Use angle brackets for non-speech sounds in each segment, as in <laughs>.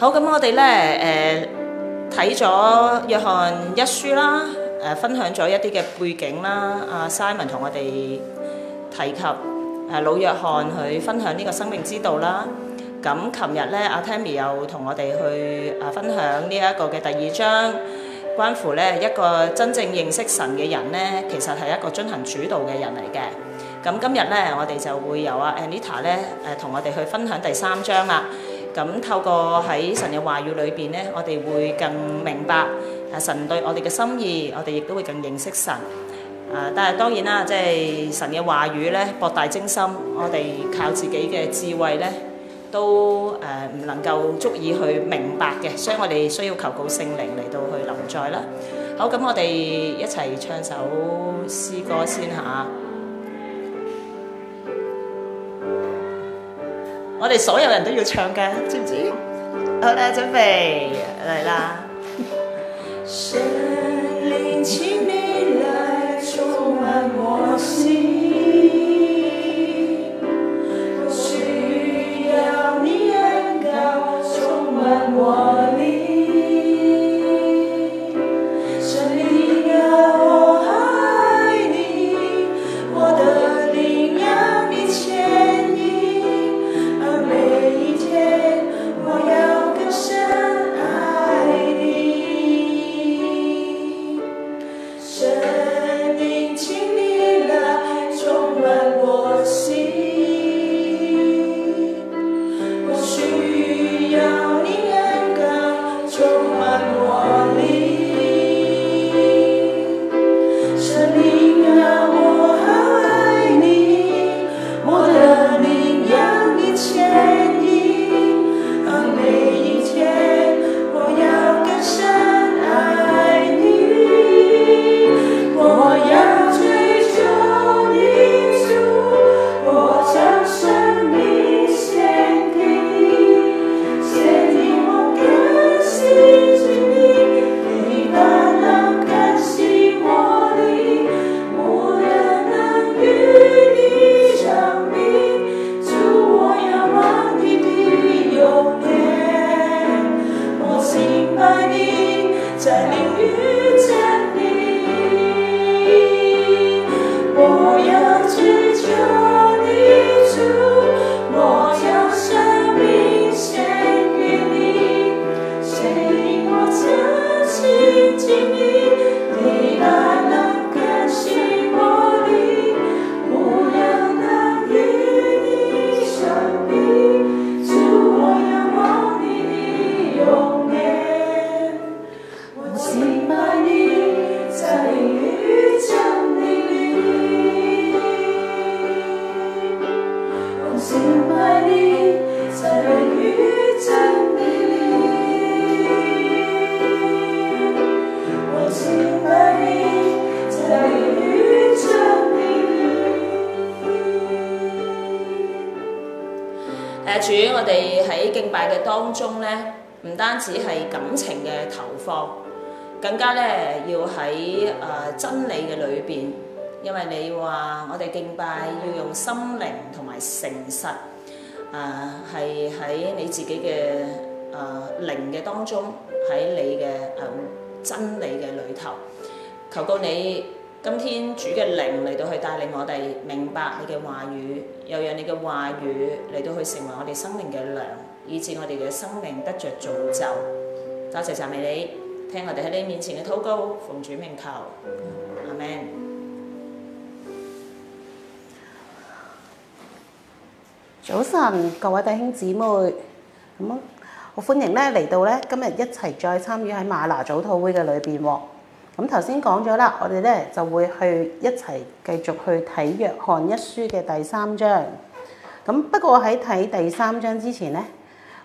好咁，我哋咧誒睇咗約翰一書啦，誒、呃、分享咗一啲嘅背景啦。阿、啊、Simon 同我哋提及誒、啊、老約翰去分享呢個生命之道啦。咁琴日咧，阿、啊、Tammy 又同我哋去誒、啊、分享呢一個嘅第二章，關乎咧一個真正認識神嘅人咧，其實係一個遵行主道嘅人嚟嘅。咁、啊、今日咧，我哋就會由阿、啊、Anita 咧誒同我哋去分享第三章啦。咁透過喺神嘅話語裏邊呢，我哋會更明白啊神對我哋嘅心意，我哋亦都會更認識神。但係當然啦，即係神嘅話語呢，博大精深，我哋靠自己嘅智慧呢，都誒唔能夠足以去明白嘅，所以我哋需要求告聖靈嚟到去臨在啦。好，咁我哋一齊唱首詩歌先嚇。我哋所有人都要唱嘅，知唔知？好啦，準備嚟啦！來 <laughs> 啊，係喺、uh, 你自己嘅啊靈嘅當中，喺你嘅啊、uh, 真理嘅裏頭，求告你，今天主嘅靈嚟到去帶領我哋明白你嘅話語，又讓你嘅話語嚟到去成為我哋生命嘅糧，以至我哋嘅生命得着造就。多謝讚美你，聽我哋喺你面前嘅禱告，奉主名求，阿們。早晨，各位弟兄姊妹，咁我歡迎咧嚟到咧，今日一齊再參與喺嗎哪早禱會嘅裏邊。咁頭先講咗啦，我哋咧就會去一齊繼續去睇約翰一書嘅第三章。咁不過喺睇第三章之前咧，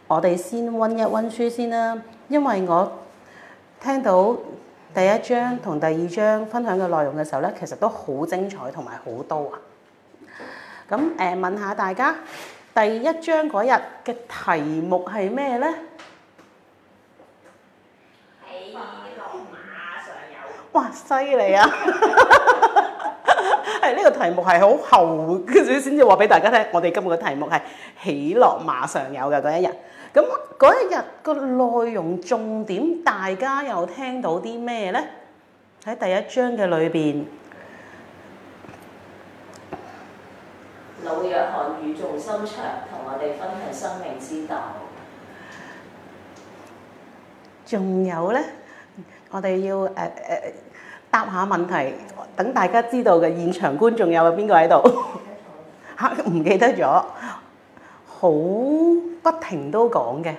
我哋先温一温書先啦，因為我聽到第一章同第二章分享嘅內容嘅時候咧，其實都好精彩同埋好多啊。咁誒，問下大家。第一章嗰日嘅題目係咩咧？喜樂馬上有哇！犀利啊！係呢個題目係好後先至話俾大家聽。我哋今日嘅題目係喜樂馬上有嘅嗰一日。咁嗰一日個內容重點，大家又聽到啲咩咧？喺第一章嘅裏邊。老約翰語重心長，同我哋分享生命之道。仲有咧，我哋要誒誒、uh, uh, 答下問題，等大家知道嘅現場觀眾有邊個喺度？嚇唔記得咗？好不停都講嘅，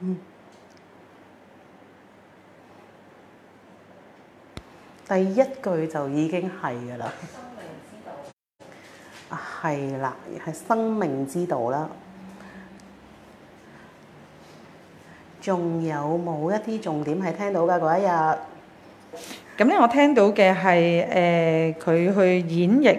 嗯，第一句就已經係噶啦。係啦，係生命之道啦。仲有冇一啲重點係聽到嘅嗰一日？咁咧，我聽到嘅係誒，佢、呃、去演繹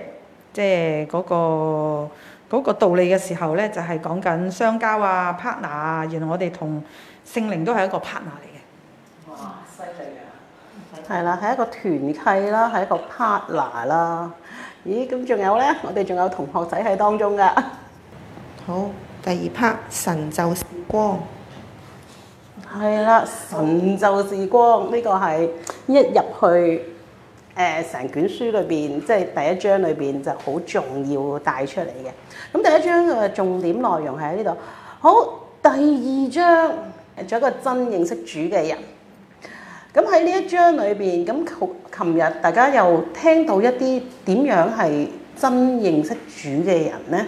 即係嗰、嗰個嗰個道理嘅時候咧，就係講緊相交啊、partner 啊。原來我哋同聖靈都係一個 partner 嚟嘅。哇！犀利啊！係啦，係一個團契啦，係一個 partner 啦。咦，咁仲有咧？我哋仲有同學仔喺當中噶。好，第二 part，神就是光，係啦，神就是光，神就是光呢個係一入去誒成、呃、卷書裏邊，即係第一章裏邊就好重要帶出嚟嘅。咁第一章嘅重點內容係喺呢度。好，第二章仲有一個真認識主嘅人。咁喺呢一章裏邊，咁琴日大家又聽到一啲點樣係真認識主嘅人呢？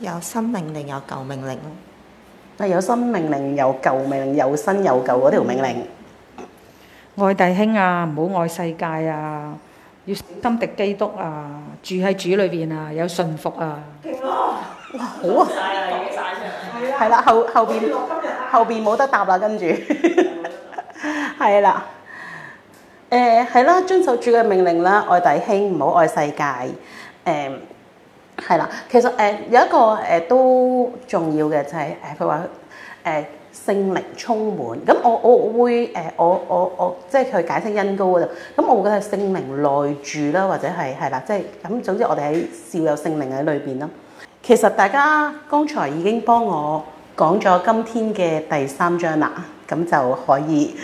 有新命令有舊命令咯，係有新命令有舊命，有新有舊嗰條命令。愛弟兄啊，唔好愛世界啊，要心敵基督啊，住喺主裏邊啊，有順服啊。勁咯！哇，好啊！係啦，後後邊。後邊冇得答啦，跟住係啦，誒係啦，遵守主嘅命令啦，愛弟兄唔好愛世界，誒係啦，其實誒、呃、有一個誒、呃、都重要嘅就係誒佢話誒聖靈充滿，咁我我，我會誒、呃、我我我即係佢解釋恩膏嗰度，咁我會覺得聖靈內住啦，或者係係啦，即係咁總之我哋喺少有聖靈喺裏邊啦。其實大家剛才已經幫我。講咗今天嘅第三章啦，咁就可以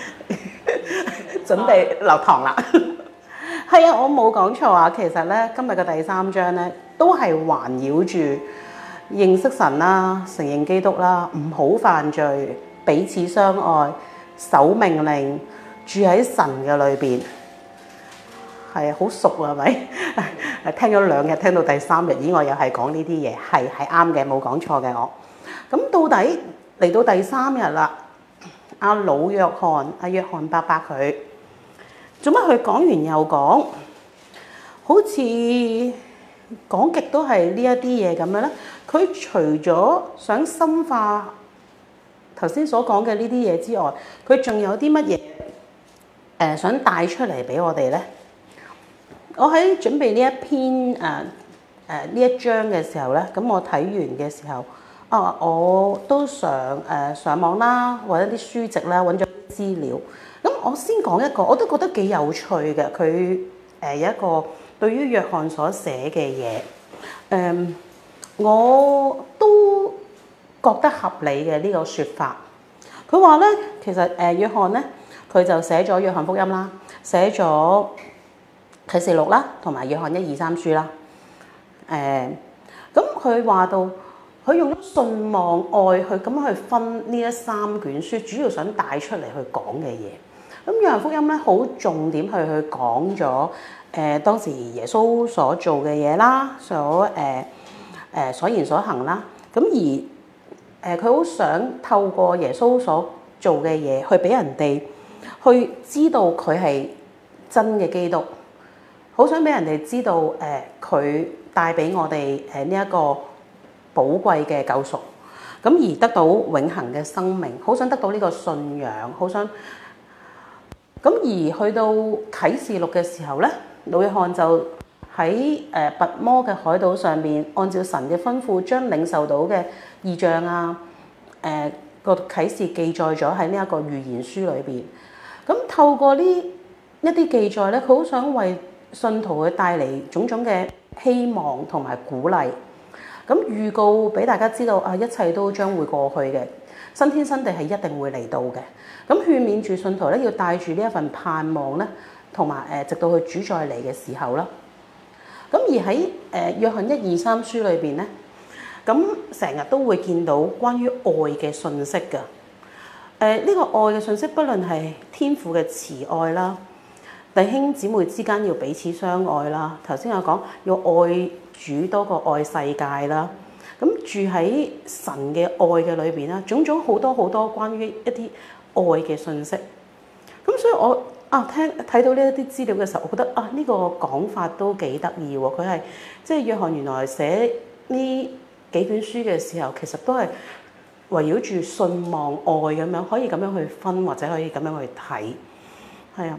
<laughs> 準備留堂啦。係 <laughs> 啊，我冇講錯啊。其實咧，今日嘅第三章咧，都係環繞住認識神啦、承認基督啦、唔好犯罪、彼此相愛、守命令、住喺神嘅裏邊。係啊，好熟係咪？ <laughs> 聽咗兩日，聽到第三日，以外又係講呢啲嘢，係係啱嘅，冇講錯嘅我。咁到底嚟到第三日啦，阿老約翰，阿約翰伯伯，佢做乜？佢講完又講，好似講極都係呢一啲嘢咁樣咧。佢除咗想深化頭先所講嘅呢啲嘢之外，佢仲有啲乜嘢誒，想帶出嚟俾我哋咧？我喺準備呢一篇誒誒呢一章嘅時候咧，咁我睇完嘅時候。啊！我都上誒、呃、上網啦，或者啲書籍啦，揾咗資料。咁我先講一個，我都覺得幾有趣嘅。佢誒有一個對於約翰所寫嘅嘢，誒、嗯、我都覺得合理嘅呢、呢個說法。佢話咧，其實誒、呃、約翰咧，佢就寫咗約翰福音啦，寫咗啟示錄啦，同埋約翰一二三書啦。誒咁佢話到。佢用咗信望愛去咁樣去分呢一三卷書，主要想帶出嚟去講嘅嘢。咁《約翰福音》咧，好重點去去講咗誒當時耶穌所做嘅嘢啦，所誒誒所言所行啦。咁而誒佢好想透過耶穌所做嘅嘢去俾人哋去知道佢係真嘅基督，好想俾人哋知道誒佢帶俾我哋誒呢一個，寶貴嘅救贖，咁而得到永恆嘅生命，好想得到呢個信仰，好想，咁而去到啟示錄嘅時候咧，老約翰就喺誒拔摩嘅海島上面，按照神嘅吩咐，將領受到嘅異象啊，誒個啟示記載咗喺呢一個預言書裏邊。咁透過呢一啲記載咧，佢好想為信徒去帶嚟種種嘅希望同埋鼓勵。咁預告俾大家知道啊，一切都將會過去嘅，新天新地係一定會嚟到嘅。咁勸勉住信徒咧，要帶住呢一份盼望咧，同埋誒，直到佢主再嚟嘅時候啦。咁而喺誒約翰一二三書裏邊咧，咁成日都會見到關於愛嘅信息嘅。誒、這、呢個愛嘅信息，不論係天父嘅慈愛啦，弟兄姊妹之間要彼此相愛啦。頭先我講要愛。主多個愛世界啦，咁住喺神嘅愛嘅裏邊啦，種種好多好多關於一啲愛嘅信息。咁所以我啊聽睇到呢一啲資料嘅時候，我覺得啊呢個講法都幾得意喎。佢係即係約翰原來寫呢幾本書嘅時候，其實都係圍繞住信望愛咁樣，可以咁樣去分或者可以咁樣去睇，係啊。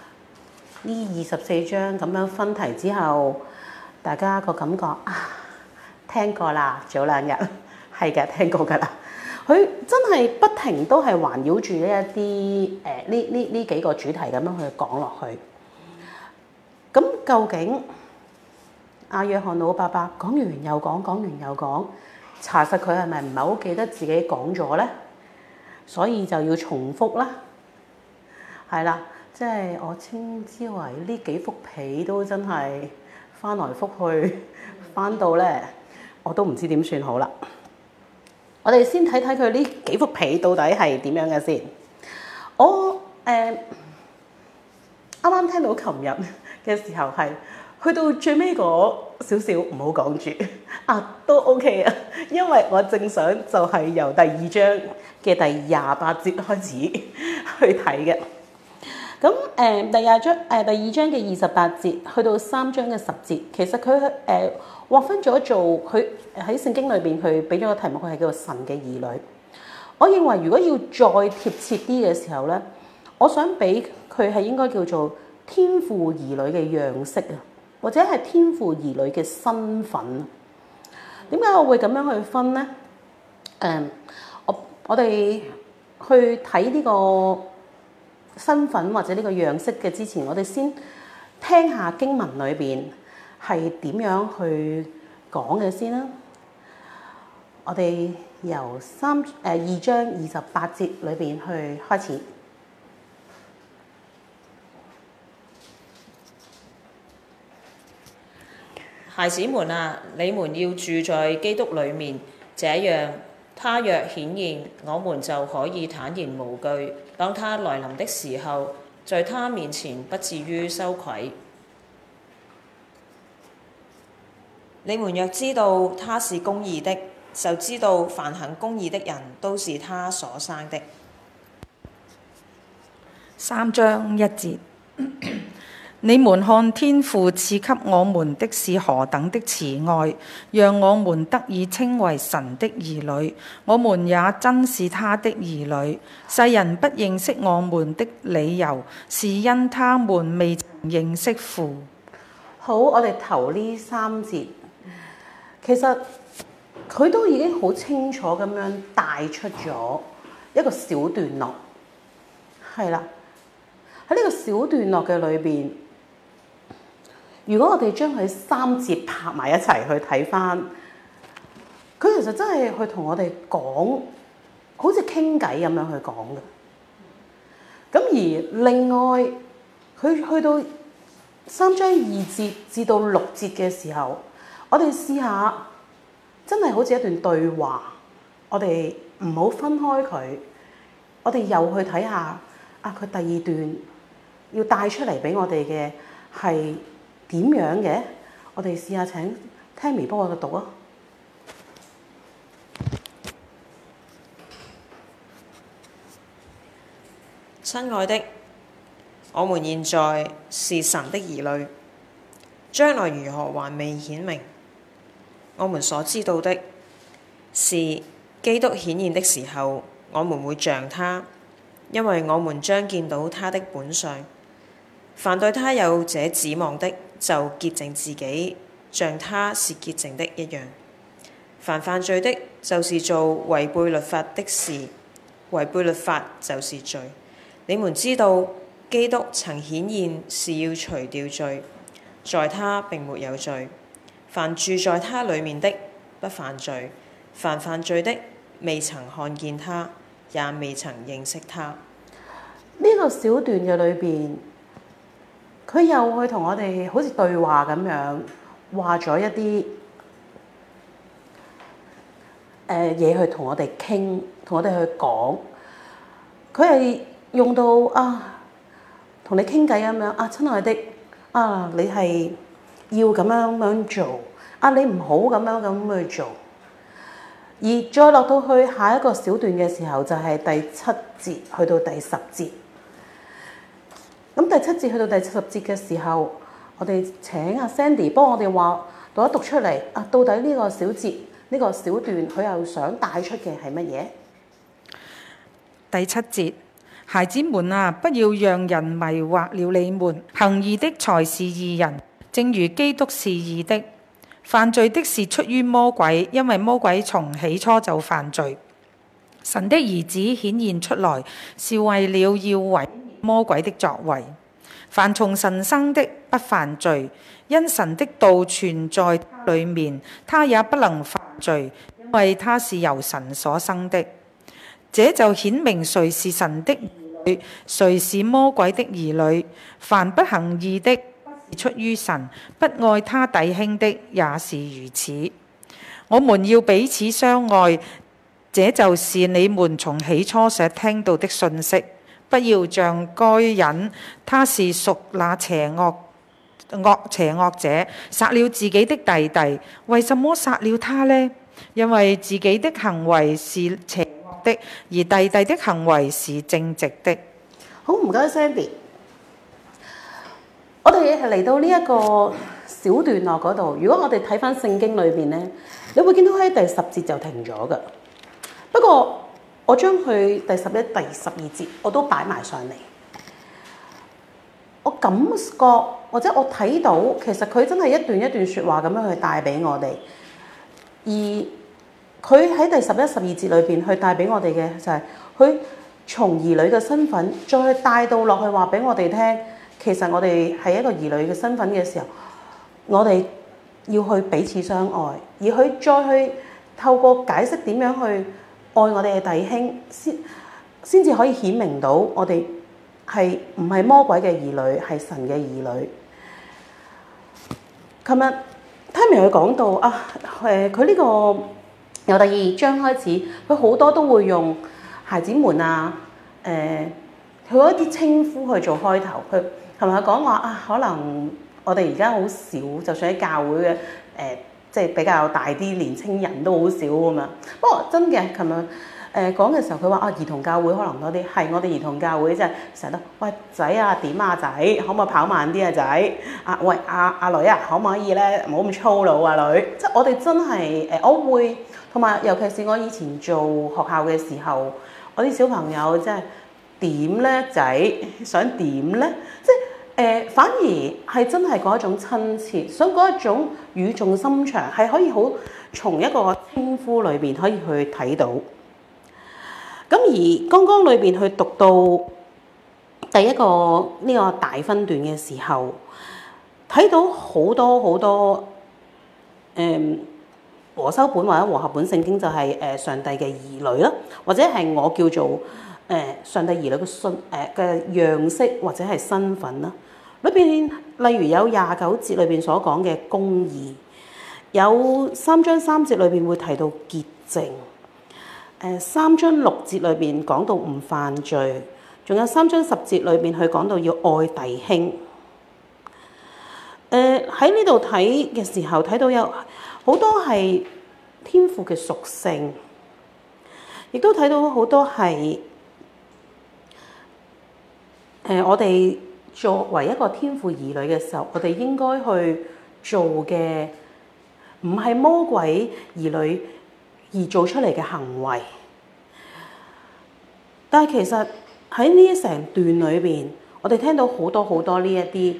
呢二十四章咁樣分題之後，大家個感覺啊，聽過啦，早兩日係嘅聽過㗎啦。佢真係不停都係環繞住呢一啲誒呢呢呢幾個主題咁樣去講落去。咁究竟阿約翰老伯伯講完又講，講完又講，查實佢係咪唔係好記得自己講咗呢？所以就要重複啦。係啦。即係我稱之為呢幾幅被都真係翻來覆去翻到咧，我都唔知點算好啦。我哋先睇睇佢呢幾幅被到底係點樣嘅先。我誒啱啱聽到琴日嘅時候係去到最尾嗰少少唔好講住啊，都 OK 啊，因為我正想就係由第二章嘅第二十八節開始去睇嘅。咁誒第二章誒第二章嘅二十八節，去到三章嘅十節，其實佢誒劃分咗做，佢喺聖經裏邊，佢俾咗個題目，佢係叫做神嘅兒女。我認為如果要再貼切啲嘅時候咧，我想俾佢係應該叫做天父兒女嘅樣式啊，或者係天父兒女嘅身份。點解我會咁樣去分咧？誒、呃，我我哋去睇呢、這個。身份或者呢個樣式嘅之前，我哋先聽下經文裏邊係點樣去講嘅先啦。我哋由三誒、呃、二章二十八節裏邊去開始。孩子們啊，你們要住在基督裏面，這樣他若顯現，我們就可以坦然無懼。當他來臨的時候，在他面前不至於羞愧。你們若知道他是公義的，就知道凡行公義的人都是他所生的。三章一節。 <coughs> 你們看天父賜給我們的是何等的慈愛，讓我們得以稱為神的兒女。我們也真是他的兒女。世人不認識我們的理由，是因他們未曾認識父。好，我哋頭呢三節，其實佢都已經好清楚咁樣帶出咗一個小段落，係啦，喺呢個小段落嘅裏邊。如果我哋將佢三節拍埋一齊去睇返，佢其實真係去同我哋講，好似傾偈咁樣去講嘅。咁而另外佢去，去到三章二節至到六節嘅時候，我哋試下真係好似一段對話，我哋唔好分開佢，我哋又去睇下啊，佢第二段要帶出嚟俾我哋嘅係。點樣嘅？我哋試下請聽微波嘅讀啊。親愛的，我們現在是神的兒女，將來如何還未顯明。我們所知道的，是基督顯現的時候，我們會像他，因為我們將見到他的本相。凡對他有這指望的，就潔淨自己，像他是潔淨的一樣。凡犯罪的，就是做違背律法的事；違背律法就是罪。你們知道，基督曾顯現是要除掉罪，在他並沒有罪。凡住在他裏面的，不犯罪；凡犯罪的，未曾看見他，也未曾認識他。呢個小段嘅裏邊。佢又去同我哋好似對話咁樣話咗一啲嘢去同我哋傾，同我哋去講。佢係用到啊，同你傾偈咁樣啊，親愛的啊，你係要咁樣咁樣做啊，你唔好咁樣咁樣去做。而再落到去下一個小段嘅時候，就係第七節去到第十節。咁第七節去到第十節嘅時候，我哋請阿 Sandy 幫我哋話讀一讀出嚟。啊，到底呢個小節呢、呢個小段佢又想帶出嘅係乜嘢？第七節，孩子們啊，不要讓人迷惑了你們。行義的才是義人，正如基督是義的。犯罪的是出於魔鬼，因為魔鬼從起初就犯罪。神的兒子顯現出來，是為了要為魔鬼的作為，凡從神生的不犯罪，因神的道存在裡面，他也不能犯罪，因為他是由神所生的。這就顯明誰是神的兒女，誰是魔鬼的兒女。凡不行義的，不是出於神；不愛他弟兄的也是如此。我們要彼此相愛，這就是你們從起初所聽到的信息。不要像該人，他是屬那邪惡惡邪惡者，殺了自己的弟弟。為什麼殺了他呢？因為自己的行為是邪惡的，而弟弟的行為是正直的。好唔該 Sandy 我哋係嚟到呢一個小段落嗰度。如果我哋睇返聖經裏邊呢，你會見到喺第十節就停咗㗎。不過，我將佢第十一、第十二節我都擺埋上嚟。我感覺或者我睇到，其實佢真係一段一段説話咁樣去帶俾我哋。而佢喺第十一、十二節裏邊，去帶俾我哋嘅就係佢從兒女嘅身份，再帶到落去話俾我哋聽。其實我哋係一個兒女嘅身份嘅時候，我哋要去彼此相愛。而佢再去透過解釋點樣去愛我哋嘅弟兄，先先至可以顯明到我哋係唔係魔鬼嘅兒女，係神嘅兒女。琴日 Timmy 佢講到，到啊，誒佢呢個由第二章開始，佢好多都會用孩子們啊，誒、呃、佢一啲稱呼去做開頭。佢同埋佢講話啊，可能我哋而家好少，就算喺教會嘅誒。呃即係比較大啲，年青人都好少啊嘛。不過真嘅，琴日誒講嘅時候，佢話啊，兒童教會可能多啲，係我哋兒童教會即係成日都喂仔，啊點啊仔，可唔可以跑慢啲啊仔？啊喂阿啊女啊，女可唔可以咧唔好咁粗魯啊女？即係我哋真係誒，我會同埋，尤其是我以前做學校嘅時候，我啲小朋友即係點咧仔想點咧，即係。誒，反而係真係嗰一種親切，所以嗰一種語重心長係可以好從一個稱呼裏邊可以去睇到。咁而剛剛裏邊去讀到第一個呢個大分段嘅時候，睇到好多好多誒、嗯、和修本或者和合本聖經就係誒上帝嘅兒女啦，或者係我叫做。誒、呃、上帝兒女嘅信誒嘅、呃、樣式或者係身份啦，裏邊例如有廿九節裏邊所講嘅公義，有三章三節裏邊會提到潔淨、呃，三章六節裏邊講到唔犯罪，仲有三章十節裏邊佢講到要愛弟兄。誒喺呢度睇嘅時候，睇到有好多係天賦嘅屬性，亦都睇到好多係。誒，我哋作為一個天父兒女嘅時候，我哋應該去做嘅，唔係魔鬼兒女而做出嚟嘅行為。但係其實喺呢一成段裏邊，我哋聽到好多好多呢一啲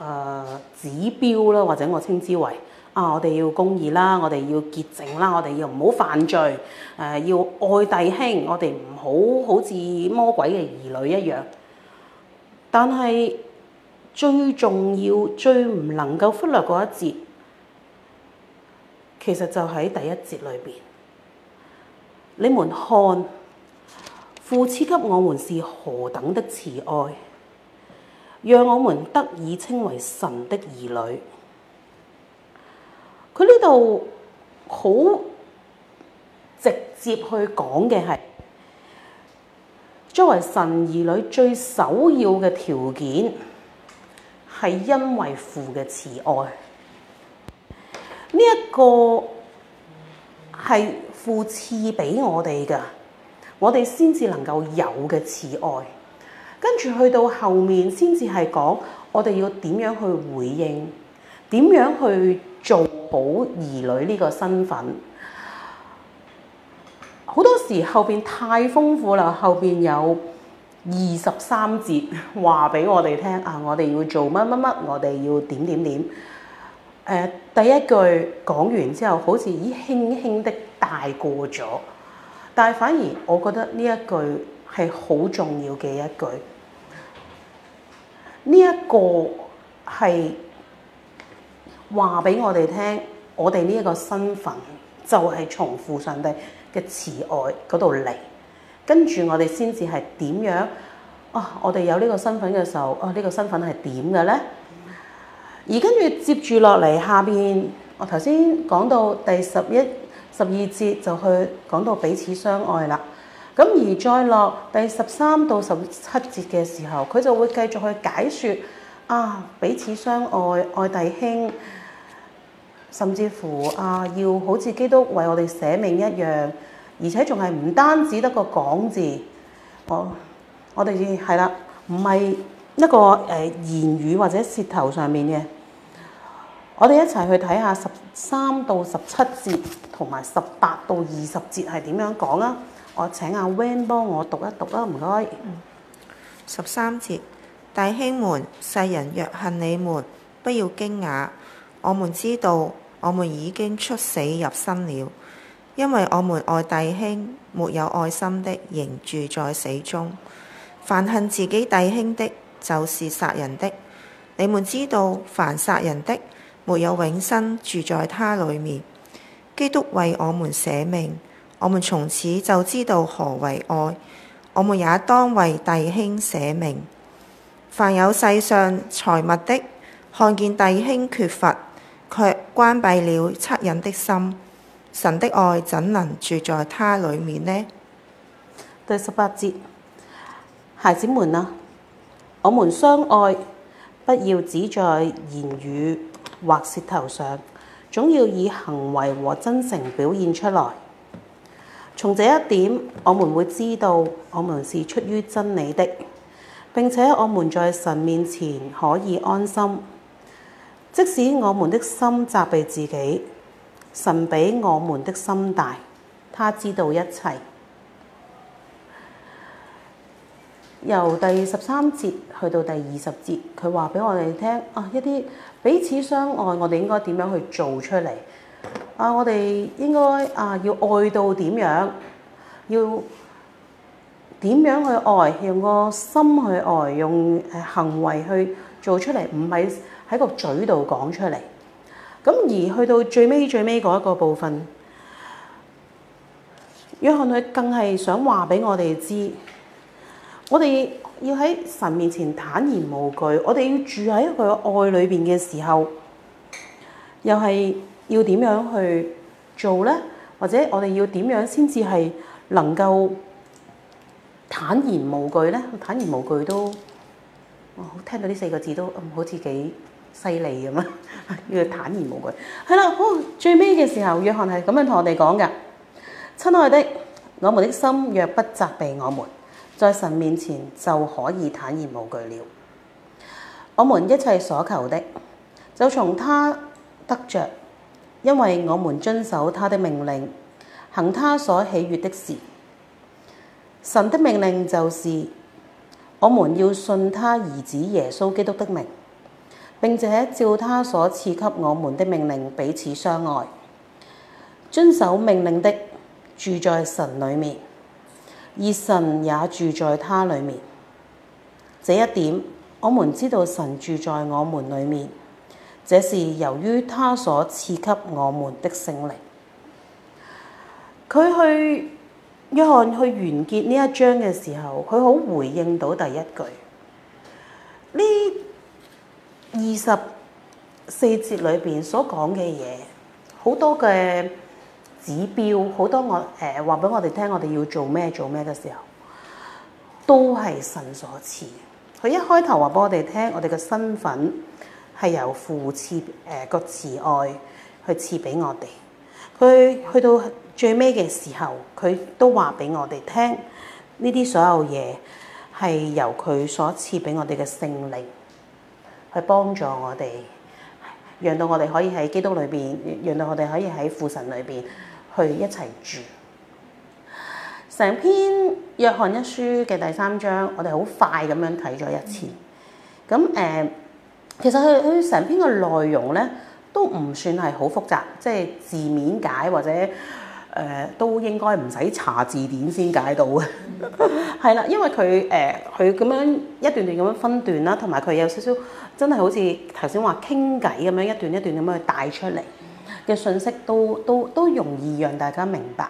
誒指標啦，或者我稱之為啊，我哋要公義啦，我哋要潔淨啦，我哋要唔好犯罪，誒、呃、要愛弟兄，我哋唔好好似魔鬼嘅兒女一樣。但係最重要、最唔能夠忽略嗰一節，其實就喺第一節裏邊：「你們看，父賜給我們是何等的慈愛，讓我們得以稱為神的兒女。」佢呢度好直接去講嘅係：作為神兒女最首要嘅條件，係因為父嘅慈愛。呢一個係父賜俾我哋嘅，我哋先至能夠有嘅慈愛。跟住去到後面，先至係講我哋要點樣去回應，點樣去做保兒女呢個身份。好多時後邊太豐富啦，後邊有二十三節話俾我哋聽啊！我哋要做乜乜乜，我哋要點點點。呃，第一句講完之後，好似已輕輕的大過咗，但係反而我覺得呢一句係好重要嘅一句。呢一個係話俾我哋聽，我哋呢一個身份就係重複上帝。嘅慈愛嗰度嚟，跟住我哋先至係點樣？啊，我哋有呢個身份嘅時候，啊，呢個身份係點嘅咧？而跟住接住落嚟下邊，我頭先講到第十一、十二節就去講到彼此相愛啦。咁而再落第十三到十七節嘅時候，佢就會繼續去解説啊，彼此相愛，愛弟兄。甚至乎啊，要好似基督為我哋捨命一樣，而且仲係唔單止得個講字，我我哋係啦，唔係一個、呃、言語或者舌頭上面嘅。我哋一齊去睇下十三到十七節同埋十八到二十節係點樣講啦。我請阿 Van 幫我讀一讀啦，唔該。十三節，弟兄們，世人若恨你們，不要驚訝。我們知道我們已經出死入生了，因為我們愛弟兄，沒有愛心的，仍住在死中。凡恨自己弟兄的，就是殺人的。你們知道，凡殺人的，沒有永生，住在他裏面。基督為我們捨命，我們從此就知道何為愛。我們也當為弟兄捨命。凡有世上財物的，看見弟兄缺乏，關閉了惻隱的心，神的愛怎能住在他裏面呢？第十八節，孩子們啊，我們相愛，不要只在言語或舌頭上，總要以行為和真誠表現出來。從這一點，我們會知道我們是出於真理的，並且我們在神面前可以安心。即使我們的心責備自己，神比我們的心大，他知道一切。由第十三節去到第二十節，佢話畀我哋聽啊，一啲彼此相愛，我哋應該點樣去做出嚟？啊，我哋應該啊要愛到點樣？要點樣去愛？用個心去愛，用行為去做出嚟，唔係，喺個嘴度講出嚟。咁而去到最尾最尾嗰一個部分，約翰佢更係想話俾我哋知，我哋要喺神面前坦然無懼，我哋要住喺佢愛裏邊嘅時候，又係要點樣去做呢？或者我哋要點樣先至係能夠坦然無懼呢？坦然無懼都，我、哦、聽到呢四個字都好似幾～犀利咁啦，要坦然無懼。係啦，好最尾嘅時候，約翰係咁樣同我哋講㗎：親愛的，我們的心若不責備我們，在神面前就可以坦然無懼了。我們一切所求的，就從他得着，因為我們遵守他的命令，行他所喜悦的事。神的命令就是，我們要信他兒子耶穌基督的名。並且照他所賜給我們的命令彼此相愛，遵守命令的住在神裡面，而神也住在他裡面。這一點我們知道神住在我們裡面，這是由於他所賜給我們的聖靈。佢去約翰去完結呢一章嘅時候，佢好回應到第一句呢。二十四節裏邊所講嘅嘢，好多嘅指標，好多我誒話俾我哋聽，我哋要做咩做咩嘅時候，都係神所賜。佢一開頭話俾我哋聽，我哋嘅身份係由父賜誒個慈愛去賜俾我哋。佢去到最尾嘅時候，佢都話俾我哋聽，呢啲所有嘢係由佢所賜俾我哋嘅聖靈。去幫助我哋，讓到我哋可以喺基督裏邊，讓到我哋可以喺父神裏邊去一齊住。成篇約翰一書嘅第三章，我哋好快咁樣睇咗一次。咁誒，其實佢佢成篇嘅內容咧，都唔算係好複雜，即係字面解或者。誒、呃、都應該唔使查字典先解到嘅，係啦，因為佢誒佢咁樣一段段咁樣分段啦，同埋佢有少少真係好似頭先話傾偈咁樣一段一段咁樣去帶出嚟嘅信息，都都都容易讓大家明白。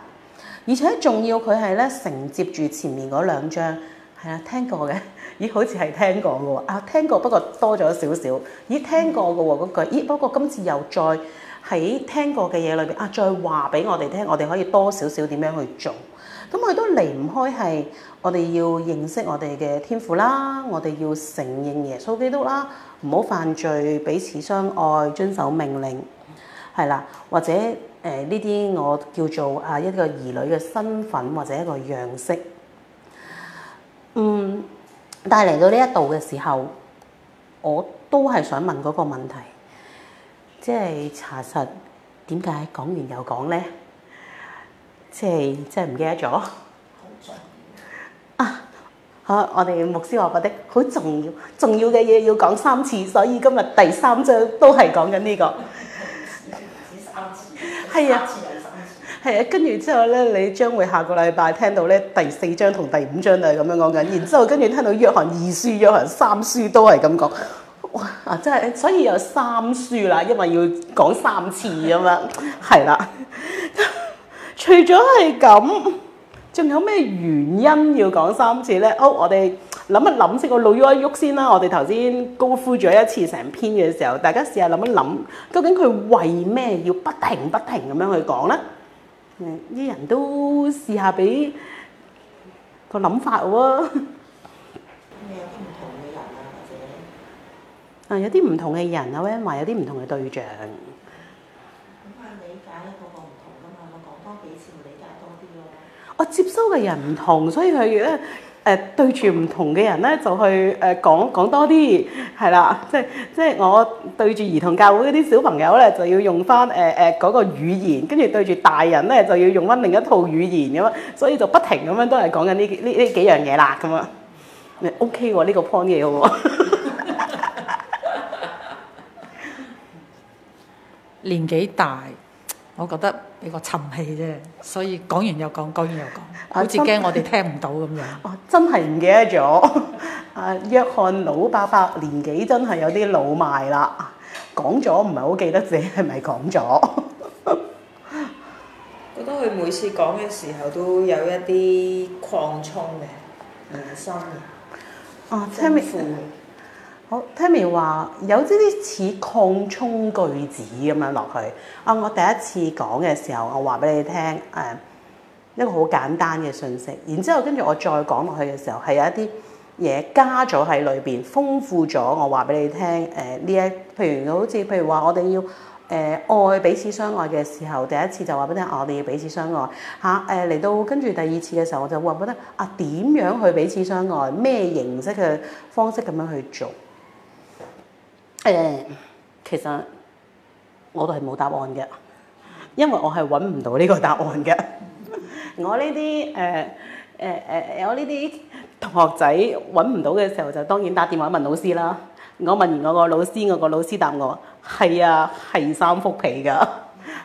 而且仲要佢係咧承接住前面嗰兩章，係啦，聽過嘅，咦好似係聽過嘅喎，啊聽過，不過多咗少少，咦聽過嘅喎嗰句，咦不過今次又再。喺聽過嘅嘢裏邊啊，再話俾我哋聽，我哋可以多少少點樣去做？咁佢都離唔開係我哋要認識我哋嘅天父啦，我哋要承認耶穌基督啦，唔好犯罪，彼此相愛，遵守命令，係啦，或者誒呢啲我叫做啊一個兒女嘅身份或者一個樣式。嗯，但嚟到呢一度嘅時候，我都係想問嗰個問題。即係查實點解講完又講咧？即係即係唔記得咗、啊？好重要啊！嚇，我哋牧師話，覺得好重要，重要嘅嘢要講三次，所以今日第三章都係講緊呢個三。三次係啊，係啊，跟住、啊、之後咧，你將會下個禮拜聽到咧第四章同第五章就係咁樣講緊，然之後跟住聽到約翰二書、約翰三書都係咁講。哇！啊，真係，所以有三書啦，因為要講三次咁樣，係啦。除咗係咁，仲有咩原因要講三次咧？屋，我哋諗一諗先，個腦喐一喐先啦。我哋頭先高呼咗一次成篇嘅時候，大家試下諗一諗，究竟佢為咩要不停不停咁樣去講咧？啲人都試下俾個諗法喎。啊，有啲唔同嘅人，我揾埋有啲唔同嘅對象。咁啊、嗯，理解一個個唔同噶嘛，我講多幾次會理解多啲咯。我接收嘅人唔同，所以佢咧誒對住唔同嘅人咧就去誒講講多啲，係啦，即即我對住兒童教會嗰啲小朋友咧就要用翻誒誒嗰個語言，跟住對住大人咧就要用翻另一套語言咁啊，所以就不停咁樣都係講緊呢呢呢幾樣嘢啦咁啊。誒 OK 喎，呢、呢個 point 嘢好喎。 <laughs> 年紀大，我覺得比個沉氣啫，所以講完又講，講完又講，好似驚我哋聽唔到咁樣。哦、啊，真係唔記得咗。阿、 <laughs> 啊、約翰老伯伯年紀真係有啲老邁啦，講咗唔係好記得自己係咪講咗。是是 <laughs> 覺得佢每次講嘅時候都有一啲擴充嘅延伸。嗯、Sorry, 啊，真係府。啊聽好，Tammy 話有啲啲似擴充句子咁樣落去。啊，我第一次講嘅時候，我話俾你聽，誒一個好簡單嘅信息。然之後跟住我再講落去嘅時候，係有一啲嘢加咗喺裏邊，豐富咗。我話俾你聽，誒呢一譬如好似譬如話，我哋要誒愛彼此相愛嘅時候，第一次就話俾你聽，我哋要彼此相愛嚇。誒嚟到跟住第二次嘅時候，我就話覺得啊，點樣去彼此相愛？咩形式嘅方式咁樣去做？誒，其實我都係冇答案嘅，因為我係揾唔到呢個答案嘅、 <laughs> 呃呃呃。我呢啲誒誒誒，我呢啲同學仔揾唔到嘅時候，就當然打電話問老師啦。我問完我個老師，我個老師答我：係啊，係三幅皮噶，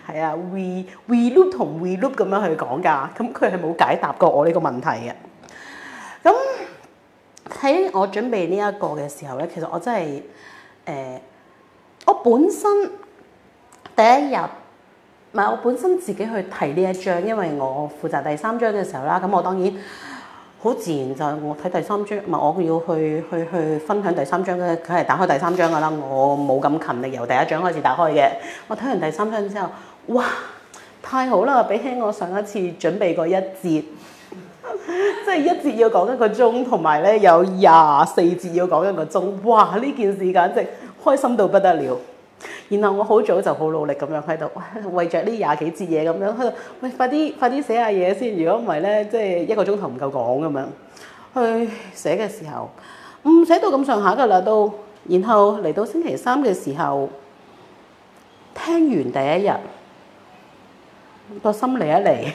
係 <laughs> 啊 we loop 同 we loop 咁樣去講噶。咁佢係冇解答過我呢個問題嘅。咁喺我準備呢一個嘅時候咧，其實我真係～誒、呃，我本身第一日唔係我本身自己去睇呢一章，因為我負責第三章嘅時候啦，咁我當然好自然就係我睇第三章，唔係我要去去去分享第三章嘅，佢係打開第三章㗎喇，我冇咁勤力，由第一章開始打開嘅。我睇完第三章之後，哇，太好啦，比起我上一次準備過一節。即係 <laughs> 一節要講一個鐘，同埋咧有廿四節要講一個鐘，哇！呢件事簡直開心到不得了。然後我好早就好努力咁樣喺度，為着呢廿幾節嘢咁樣喺度，喂，快啲快啲寫下嘢先。如果唔係咧，即係一個鐘頭唔夠講咁樣，去寫嘅時候唔寫、嗯、到咁上下噶啦都。然後嚟到星期三嘅時候，聽完第一日個心嚟一嚟。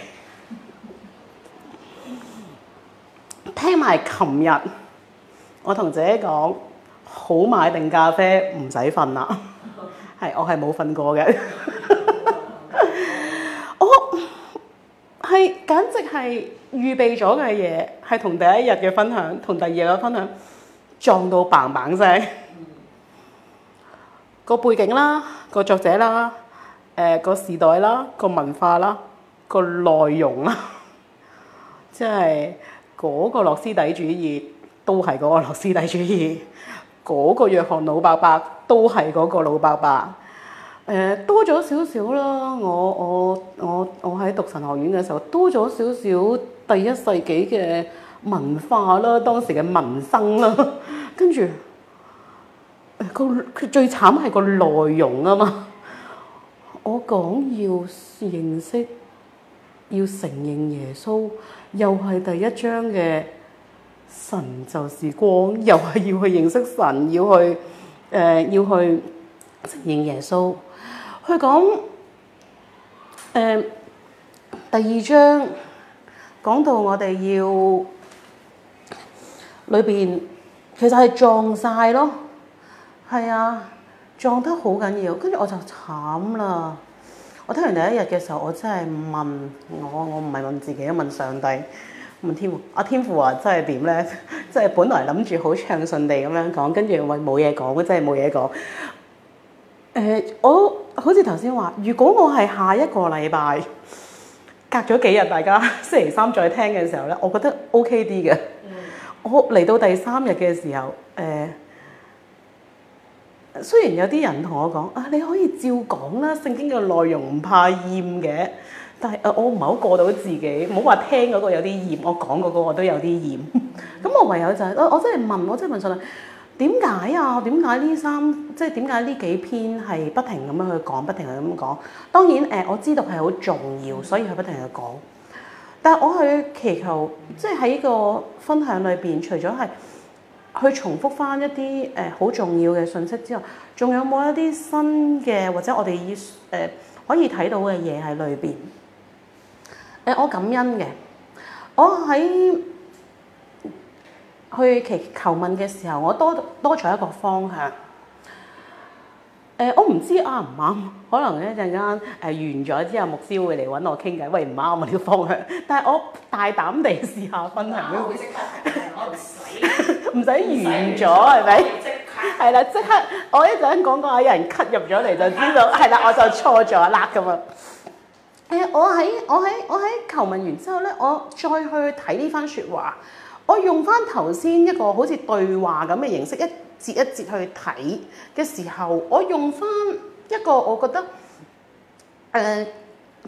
聽埋琴日，我同姐姐講，好買定咖啡唔使瞓啦。係我係冇瞓過嘅，我係簡直係預備咗嘅嘢，係同第一日嘅分享，同第二日嘅分享撞到嘭嘭聲。個背景啦，個作者啦，誒個時代啦，個文化啦，個內容啦，即係。嗰個諾斯底主義都係嗰個諾斯底主義，嗰個約翰、那個、老伯伯都係嗰個老伯伯。誒、呃，多咗少少啦，我我我我喺讀神學院嘅時候，多咗少少第一世紀嘅文化啦，當時嘅民生啦， <laughs> 跟住個佢最慘係個內容啊嘛， <laughs> 我講要認識。要承認耶穌，又係第一章嘅神就是光，又係要去認識神，要去誒、呃，要去承認耶穌。佢講誒、呃、第二章講到我哋要裏邊其實係撞晒咯，係啊，撞得好緊要，跟住我就慘啦。我聽完第一日嘅時候，我真係問我，我唔係問自己，我問上帝，問天父。阿、啊、天父話、啊、真係點咧？即係本來諗住好暢順地咁樣講，跟住喂，冇嘢講，真係冇嘢講。誒、呃，我好似頭先話，如果我係下一個禮拜，隔咗幾日，大家星期三再聽嘅時候咧，我覺得 OK 啲嘅。我嚟到第三日嘅時候，誒、呃。雖然有啲人同我講啊，你可以照講啦，聖經嘅內容唔怕厭嘅。但係啊、呃，我唔係好過到自己，唔好話聽嗰個有啲厭，我講嗰個我都有啲厭。咁 <laughs> 我唯有就係、是、我真係問，我真係問上帝，點解啊？點解呢三即係點解呢幾篇係不停咁樣去講，不停係咁講？當然誒，我知道係好重要，所以佢不停去講。但係我去祈求，即係喺個分享裏邊，除咗係，去重複翻一啲誒好重要嘅信息之後，仲有冇一啲新嘅或者我哋要誒可以睇到嘅嘢喺裏邊？誒、呃、我感恩嘅，我喺去祈求問嘅時候，我多多咗一個方向。誒、呃、我唔知啱唔啱，可能一陣間誒完咗之後，牧師會嚟揾我傾偈，喂，唔啱我呢個方向，但係我大膽地試下分享。啊我 <laughs> 唔使完咗係咪？即係啦，即吧刻！吧刻我一陣講講有人 cut 入咗嚟，就知道係啦刻吧，我就錯咗喇咁啊。誒、呃，我喺我喺我喺求問完之後咧，我再去睇呢番説話，我用翻頭先一個好似對話咁嘅形式一節一節去睇嘅時候，我用翻一個我覺得誒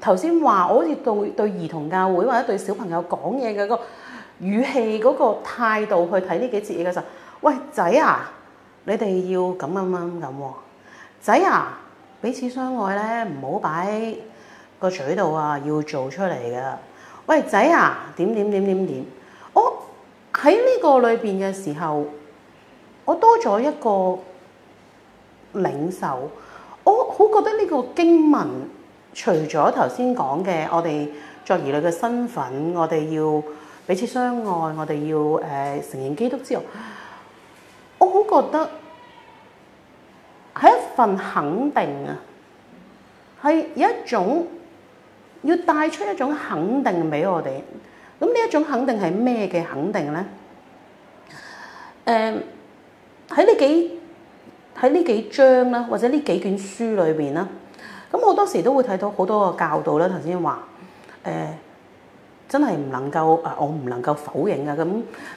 頭先話我好似對對兒童教會或者對小朋友講嘢嘅個。語氣嗰個態度去睇呢幾次嘢嘅時候，喂仔啊，你哋要咁咁咁喎。仔啊，彼此相愛咧，唔好擺個嘴度啊，要做出嚟嘅。喂仔啊，點點點點點，我喺呢個裏邊嘅時候，我多咗一個領袖，我好覺得呢個經文，除咗頭先講嘅，我哋作兒女嘅身份，我哋要。彼此相愛，我哋要誒承認基督之後，我好覺得係一份肯定啊，係有一種要帶出一種肯定畀我哋。咁呢一種肯定係咩嘅肯定咧？誒喺呢幾喺呢幾章啦，或者呢幾卷書裏邊啦，咁我當時都會睇到好多個教導啦。頭先話誒。呃真係唔能夠啊！我唔能夠否認啊！咁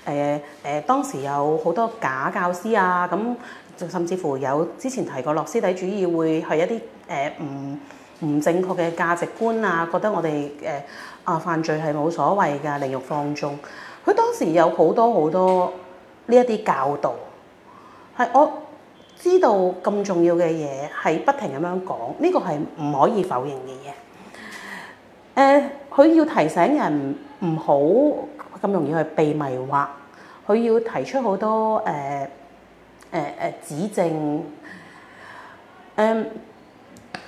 誒誒，當時有好多假教師啊！咁甚至乎有之前提過諾斯底主義，會係一啲誒唔唔正確嘅價值觀啊！覺得我哋誒、呃、啊犯罪係冇所謂嘅。靈慾放縱。佢當時有好多好多呢一啲教導，係我知道咁重要嘅嘢，係不停咁樣講。呢個係唔可以否認嘅嘢。誒，佢、呃、要提醒人唔好咁容易去被迷惑，佢要提出好多誒誒誒指證，誒、呃、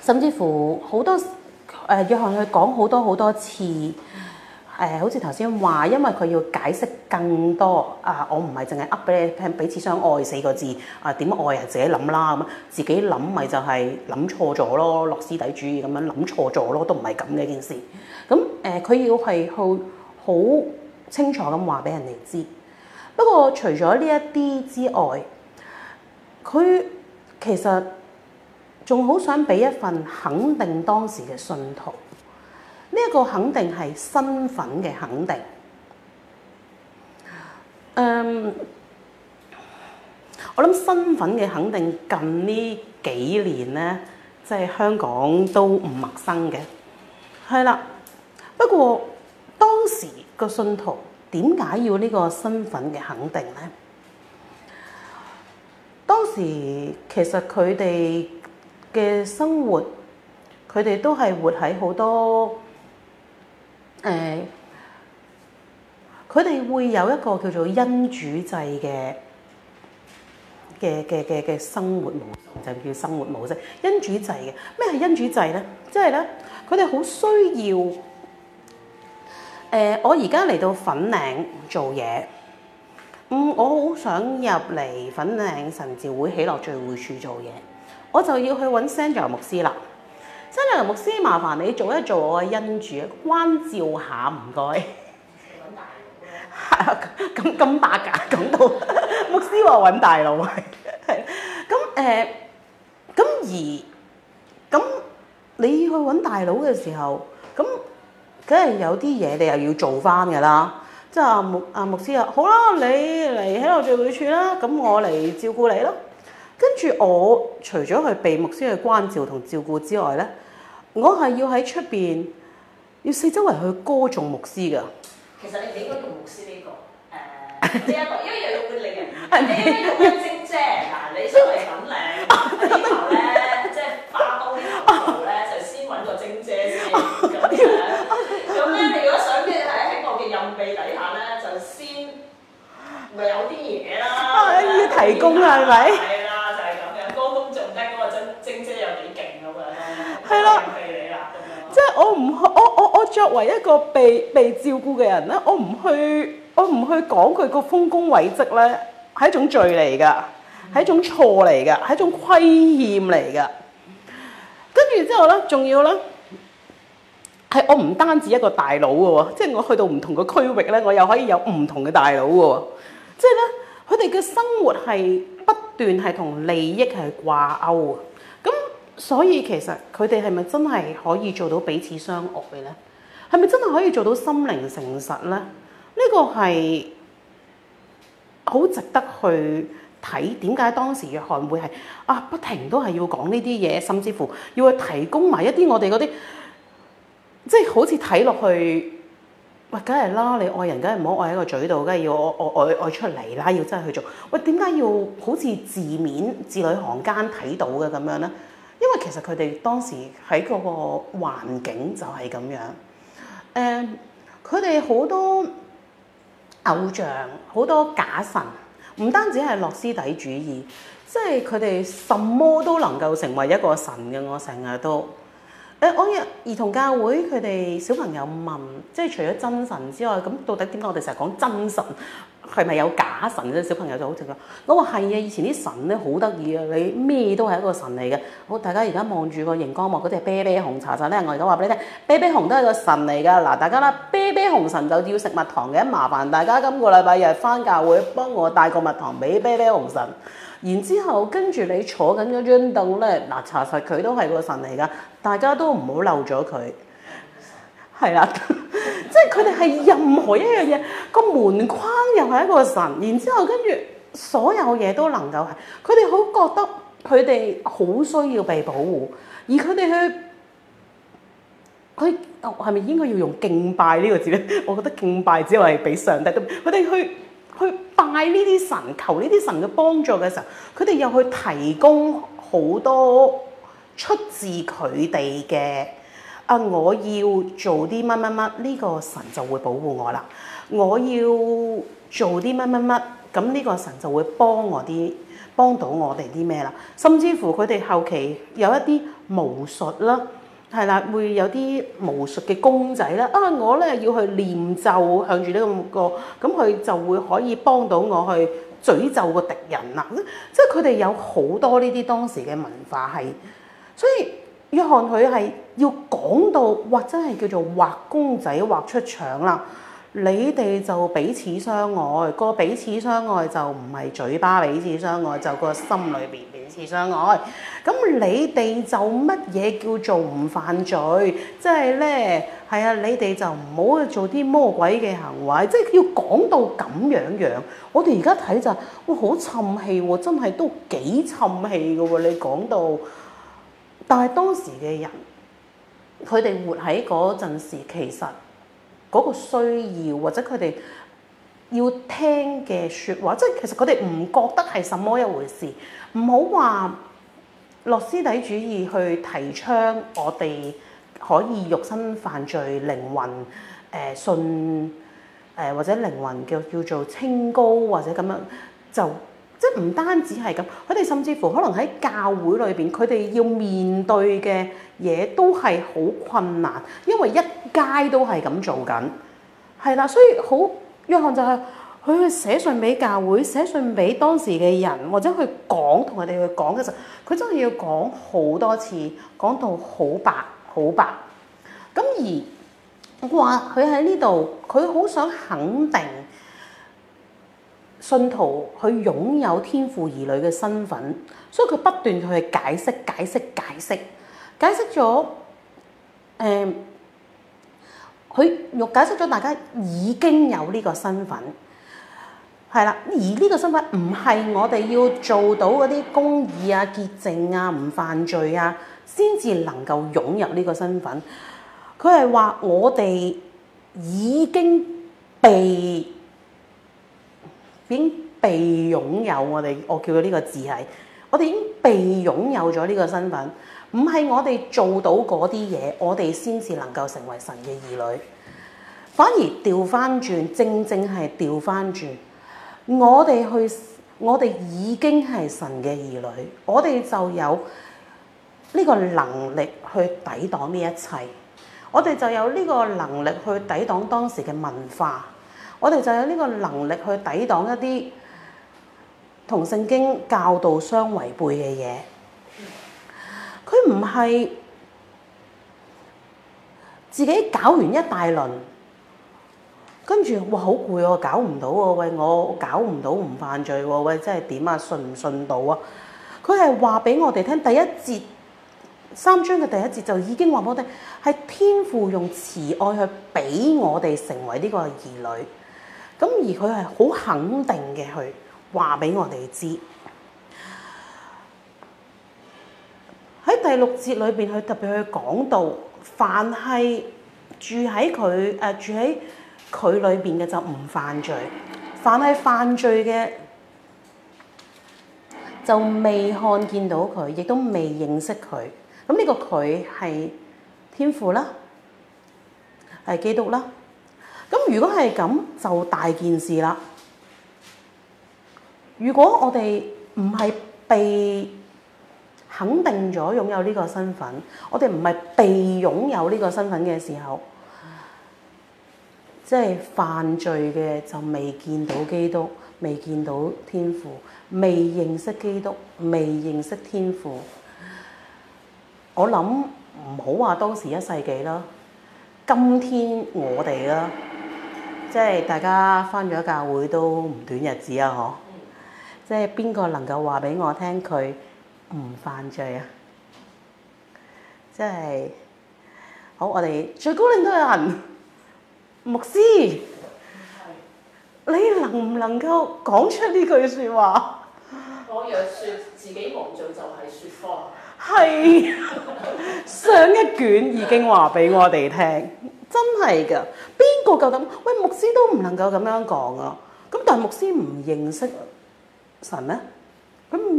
甚至乎好多誒，約翰佢講好多好多次。誒、呃，好似頭先話，因為佢要解釋更多啊！我唔係淨係噏俾你聽，彼此相愛四個字啊，點愛啊？自己諗啦咁，自己諗咪就係諗錯咗咯，落私底主義咁樣諗錯咗咯，都唔係咁嘅件事。咁、嗯、誒，佢、呃、要係去好清楚咁話俾人哋知。不過除咗呢一啲之外，佢其實仲好想俾一份肯定當時嘅信徒。呢一個肯定係身份嘅肯定。嗯，我諗身份嘅肯定近呢幾年咧，即係香港都唔陌生嘅。係啦，不過當時個信徒點解要呢個身份嘅肯定咧？當時其實佢哋嘅生活，佢哋都係活喺好多。誒，佢哋、呃、會有一個叫做恩主制嘅嘅嘅嘅嘅生活模式，就叫生活模式，恩主制嘅。咩係恩主制咧？即係咧，佢哋好需要。誒、呃，我而家嚟到粉嶺做嘢，嗯，我好想入嚟粉嶺神召會喜樂聚會處做嘢，我就要去揾 Sandra 牧師啦。跟住牧師，麻煩你做一做我嘅恩主，關照下唔該。咁大，咁咁大架，咁牧師話揾大佬。咁誒， <laughs> 咁、 <laughs> <laughs> 呃、而咁你去揾大佬嘅時候，咁梗係有啲嘢你又要做翻㗎啦。即係阿牧阿牧師話：好啦，你嚟喺我聚會處啦，咁我嚟照顧你咯。跟住我除咗去被牧師去關照同照顧之外咧。我係要喺出邊，要四周圍去歌頌牧師噶。其實你應該用牧師呢個，誒，呢一個，因為用佢嚟嘅。你應該用一精姐，嗱，你想嚟咁靚，然後咧，即係花多啲功夫咧，就先揾個精姐先咁樣。咁咧，你如果想即係喺我嘅韌臂底下咧，就先咪有啲嘢啦，要提供係咪？係啦，即係我唔去，我我我作為一個被被照顧嘅人咧，我唔去，我唔去講佢個豐功偉績咧，係一種罪嚟㗎，係一種錯嚟㗎，係一種虧欠嚟㗎。跟住之後咧，仲要咧，係我唔單止一個大佬嘅喎，即係我去到唔同嘅區域咧，我又可以有唔同嘅大佬喎，即係咧，佢哋嘅生活係不斷係同利益係掛鈎。所以其實佢哋係咪真係可以做到彼此相愛呢？係咪真係可以做到心靈誠實呢？呢個係好值得去睇，點解當時約翰會係啊不停都係要講呢啲嘢，甚至乎要去提供埋一啲我哋嗰啲即係好似睇落去喂，梗係啦！你愛人梗係唔好愛喺個嘴度，梗係要愛愛愛出嚟啦！要真係去做喂，點解要好似字面字裏行間睇到嘅咁樣呢？因為其實佢哋當時喺嗰個環境就係咁樣，誒、呃，佢哋好多偶像，好多假神，唔單止係諾斯底主義，即係佢哋什麼都能夠成為一個神嘅，我成日都。誒，我日兒童教會佢哋小朋友問，即係除咗真神之外，咁到底點解我哋成日講真神係咪有假神咧？小朋友就好直覺，我話係啊，以前啲神咧好得意啊，你咩都係一個神嚟嘅。好，大家而家望住個熒光幕，嗰隻啤啤紅茶神咧，我而家話俾你聽，啤啤紅都係個神嚟噶。嗱，大家啦，啤啤紅神就要食蜜糖嘅，麻煩大家今個禮拜日返教會幫我帶個蜜糖俾啤啤紅神。然之後，跟住你坐緊嗰張凳咧，嗱查實佢都係個神嚟㗎，大家都唔好漏咗佢。係啦，即係佢哋係任何一樣嘢，個門框又係一個神。然之後跟住所有嘢都能夠係，佢哋好覺得佢哋好需要被保護，而佢哋去，佢係咪應該要用敬拜呢個字咧？我覺得敬拜只係俾上帝，佢哋去。去拜呢啲神，求呢啲神嘅幫助嘅時候，佢哋又去提供好多出自佢哋嘅啊！我要做啲乜乜乜，呢個神就會保護我啦。我要做啲乜乜乜，咁呢個神就會幫我啲，幫到我哋啲咩啦？甚至乎佢哋後期有一啲巫術啦。係啦，會有啲巫術嘅公仔啦，啊，我咧要去念咒，向住呢、呢個，咁佢就會可以幫到我去詛咒個敵人啦。即係佢哋有好多呢啲當時嘅文化係，所以約翰佢係要講到，哇！真係叫做畫公仔畫出腸啦。你哋就彼此相愛，個彼此相愛就唔係嘴巴，彼此相愛就係、個心裏邊。上來，咁你哋就乜嘢叫做唔犯罪？即係咧，係啊，你哋就唔好去做啲魔鬼嘅行為，即係要講到咁樣樣，我哋而家睇就是，哇，好沉氣、哦，真係都幾沉氣嘅、哦、你講到，但係當時嘅人，佢哋活喺嗰陣時，其實嗰個需要或者佢哋。要聽嘅説話，即係其實佢哋唔覺得係什麼一回事。唔好話諾斯底主義去提倡，我哋可以肉身犯罪，靈魂誒、呃、信誒、呃、或者靈魂叫叫做清高或者咁樣，就即係唔單止係咁。佢哋甚至乎可能喺教會裏邊，佢哋要面對嘅嘢都係好困難，因為一街都係咁做緊，係啦，所以好。約翰就係佢去寫信俾教會，寫信俾當時嘅人，或者佢講同佢哋去講嘅時候，佢真係要講好多次，講到好白好白。咁而我話佢喺呢度，佢好想肯定信徒去擁有天父兒女嘅身份，所以佢不斷去解釋、解釋、解釋、解釋咗誒。佢又解釋咗大家已經有呢個身份，係啦，而呢個身份唔係我哋要做到嗰啲公義啊、潔淨啊、唔犯罪啊，先至能夠擁有呢個身份。佢係話我哋已經被已經被擁有，我哋我叫佢呢個字係，我哋已經被擁有咗呢個身份。唔係我哋做到嗰啲嘢，我哋先至能夠成為神嘅兒女。反而調翻轉，正正係調翻轉，我哋去，我哋已經係神嘅兒女，我哋就有呢個能力去抵擋呢一切。我哋就有呢個能力去抵擋當時嘅文化，我哋就有呢個能力去抵擋一啲同聖經教導相違背嘅嘢。唔係自己搞完一大輪，跟住哇，好攰喎，我搞唔到喎，喂，我搞唔到唔犯罪喎，喂真係點啊，信唔信到啊？佢係話俾我哋聽，第一節三章嘅第一節就已經話俾我哋係天父用慈愛去俾我哋成為呢個兒女，咁而佢係好肯定嘅去話俾我哋知。喺第六節裏邊，佢特別去講到，凡係住喺佢誒，住喺佢裏邊嘅就唔犯罪，凡係犯罪嘅就未看見到佢，亦都未認識佢。咁呢個佢係天父啦，係基督啦。咁如果係咁，就大件事啦。如果我哋唔係被肯定咗擁有呢個身份，我哋唔係被擁有呢個身份嘅時候，即係犯罪嘅就未見到基督，未見到天父，未認識基督，未認識天父。我諗唔好話當時一世紀啦，今天我哋啦，即係大家返咗教會都唔短日子啊！嗬，即係邊個能夠話畀我聽佢？唔犯罪啊！即係好，我哋最高領導人牧師，的你能唔能夠講出呢句說話？我若說自己無罪，就係說謊。係上一卷已經話俾我哋聽，真係噶，邊個夠膽？喂，牧師都唔能夠咁樣講啊！咁但係牧師唔認識神呢？咁。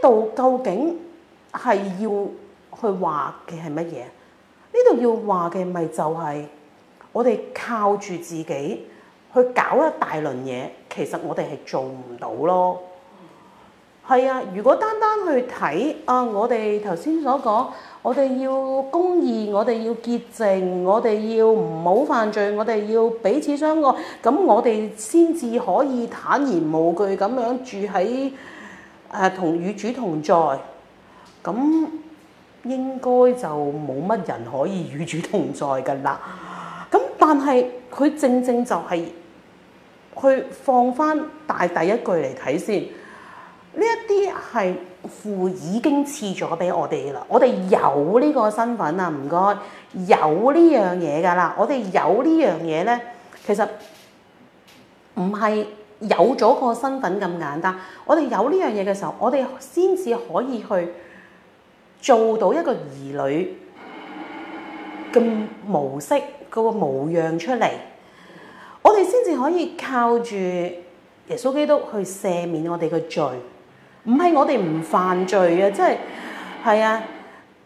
呢度究竟係要去話嘅係乜嘢？呢度要話嘅咪就係我哋靠住自己去搞一大輪嘢，其實我哋係做唔到咯。係啊，如果單單去睇，啊，我哋頭先所講，我哋要公義，我哋要潔淨，我哋要唔好犯罪，我哋要彼此相愛，咁我哋先至可以坦然無懼咁樣住喺。誒同與主同在，咁應該就冇乜人可以與主同在嘅啦。咁但係佢正正就係、佢、去放翻大第一句嚟睇先，呢一啲係父已經賜咗俾我哋啦。我哋有呢個身份啊，唔該，有呢樣嘢㗎啦。我哋有呢樣嘢咧，其實唔係有咗個身份咁簡單，我哋有呢樣嘢嘅時候，我哋先至可以去做到一個兒女咁模式，個個模樣出嚟。我哋先至可以靠住耶穌基督去赦免我哋嘅罪，唔係我哋唔犯罪啊！即係係啊，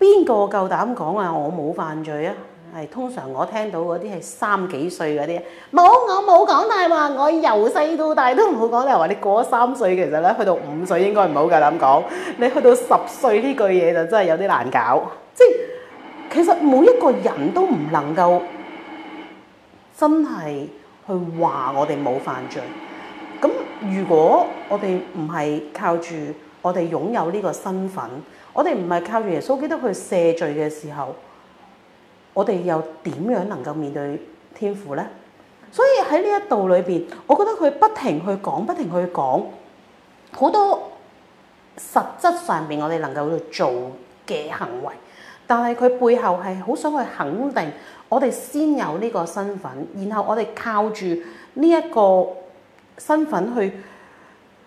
邊個夠膽講啊，我冇犯罪啊？係通常我聽到嗰啲係三幾歲嗰啲，冇我冇講大話，我由細到大都唔好講。你話你過咗三歲，其實咧去到五歲應該唔好㗎，咁講你去到十歲呢句嘢就真係有啲難搞。即係其實每一個人都唔能夠真係去話我哋冇犯罪。咁如果我哋唔係靠住我哋擁有呢個身份，我哋唔係靠住耶穌基督去赦罪嘅時候，我哋又點樣能夠面對天父呢？所以喺呢一度裏邊，我覺得佢不停去講，不停去講，好多實質上面我哋能夠去做嘅行為，但係佢背後係好想去肯定我哋先有呢個身份，然後我哋靠住呢一個身份去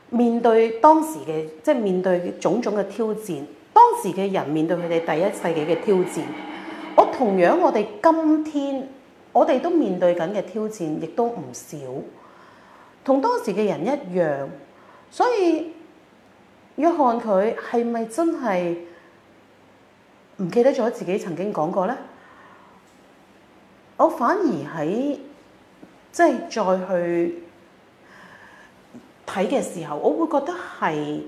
面對當時嘅，即係面對種種嘅挑戰。當時嘅人面對佢哋第一世紀嘅挑戰。同樣我，我哋今天我哋都面對緊嘅挑戰，亦都唔少，同當時嘅人一樣。所以，約翰佢係咪真係唔記得咗自己曾經講過呢？我反而喺即係再去睇嘅時候，我會覺得係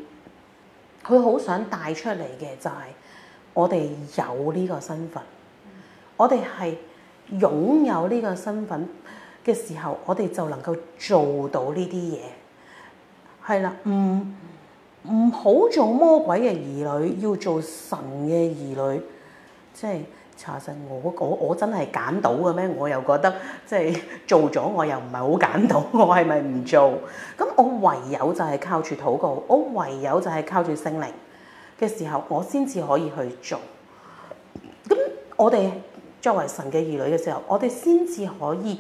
佢好想帶出嚟嘅就係我哋有呢個身份。我哋係擁有呢個身份嘅時候，我哋就能夠做到呢啲嘢，係啦，唔唔好做魔鬼嘅兒女，要做神嘅兒女。即係查實我，我我我真係揀到嘅咩？我又覺得即係做咗，我又唔係好揀到。我係咪唔做？咁我唯有就係靠住禱告，我唯有就係靠住聖靈嘅時候，我先至可以去做。咁我哋。作為神嘅兒女嘅時候，我哋先至可以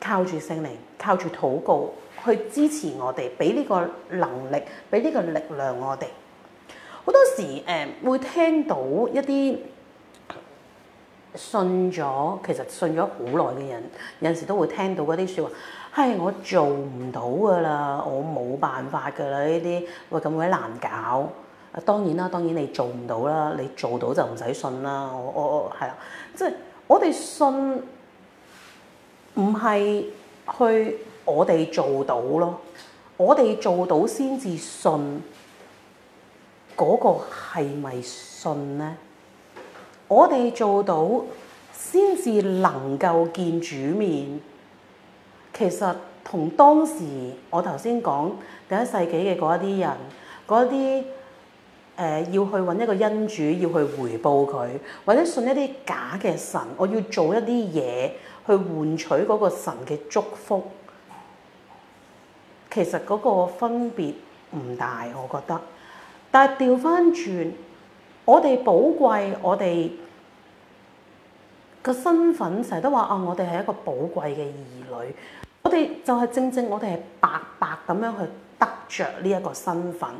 靠住聖靈、靠住禱告去支持我哋，俾呢個能力、俾呢個力量我哋。好多時誒、呃、會聽到一啲信咗，其實信咗好耐嘅人，有陣時都會聽到嗰啲說話，係、哎、我做唔到㗎喇，我冇辦法㗎喇呢啲，喂，咁鬼難搞。當然啦，當然你做唔到啦，你做到就唔使信啦。我我我係啦，即係。我哋信唔係去我哋做到咯，我哋做到先至信，嗰個係咪信呢？我哋做到先至能夠見主面，其實同當時我頭先講第一世紀嘅嗰一啲人，嗰啲。誒要去揾一個恩主要去回報佢，或者信一啲假嘅神，我要做一啲嘢去換取嗰個神嘅祝福。其實嗰個分別唔大，我覺得。但係調翻轉，我哋寶貴，我哋個身份成日都話啊，我哋係一個寶貴嘅兒女。我哋就係正正我哋係白白咁樣去得着呢一個身份。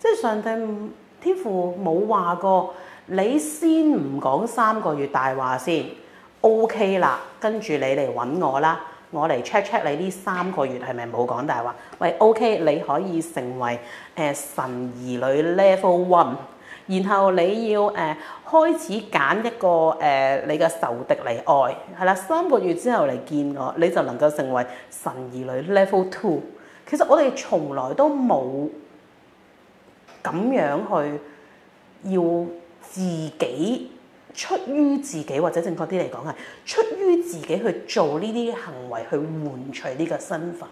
即係上帝唔，天父冇話過，你先唔講三個月大話先，OK 啦，跟住你嚟揾我啦，我嚟 check check 你呢三個月係咪冇講大話？喂，OK，你可以成為誒、呃、神兒女 level one，然後你要誒、呃、開始揀一個誒、呃、你嘅仇敵嚟愛，係啦，三個月之後嚟見我，你就能夠成為神兒女 level two。其實我哋從來都冇。咁樣去要自己出於自己，或者正確啲嚟講係出於自己去做呢啲行為，去換取呢個身份。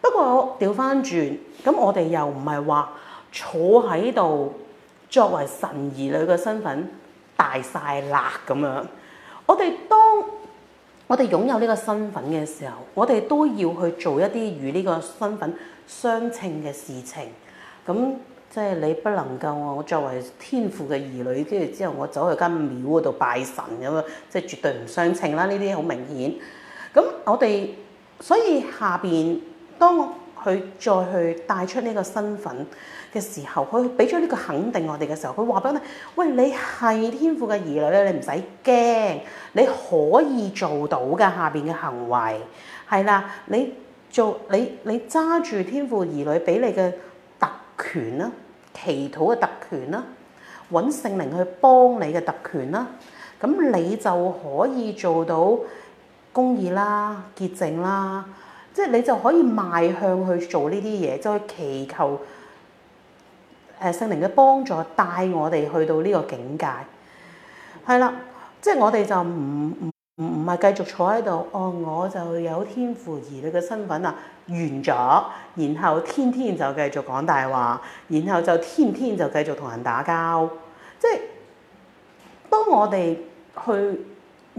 不過調翻轉，咁我哋又唔係話坐喺度作為神兒女嘅身份大晒喇咁樣。我哋當我哋擁有呢個身份嘅時候，我哋都要去做一啲與呢個身份相稱嘅事情。咁即係你不能夠我作為天父嘅兒女，跟住之後我走去間廟嗰度拜神咁樣，即係絕對唔相稱啦，呢啲好明顯。咁我哋所以下邊當佢再去帶出呢個身份嘅時候，佢俾咗呢個肯定我哋嘅時候，佢話俾我聽：喂，你係天父嘅兒女咧，你唔使驚，你可以做到㗎。下邊嘅行為係啦，你做你你揸住天父兒女俾你嘅。權啦，祈禱嘅特權啦，揾聖靈去幫你嘅特權啦，咁你就可以做到公義啦、潔淨啦，即係你就可以邁向去做呢啲嘢，即係祈求誒聖靈嘅幫助，帶我哋去到呢個境界。係啦，即係我哋就唔唔。唔唔係繼續坐喺度，哦，我就有天父兒女嘅身份啊，完咗，然後天天就繼續講大話，然後就天天就繼續同人打交。即係當我哋去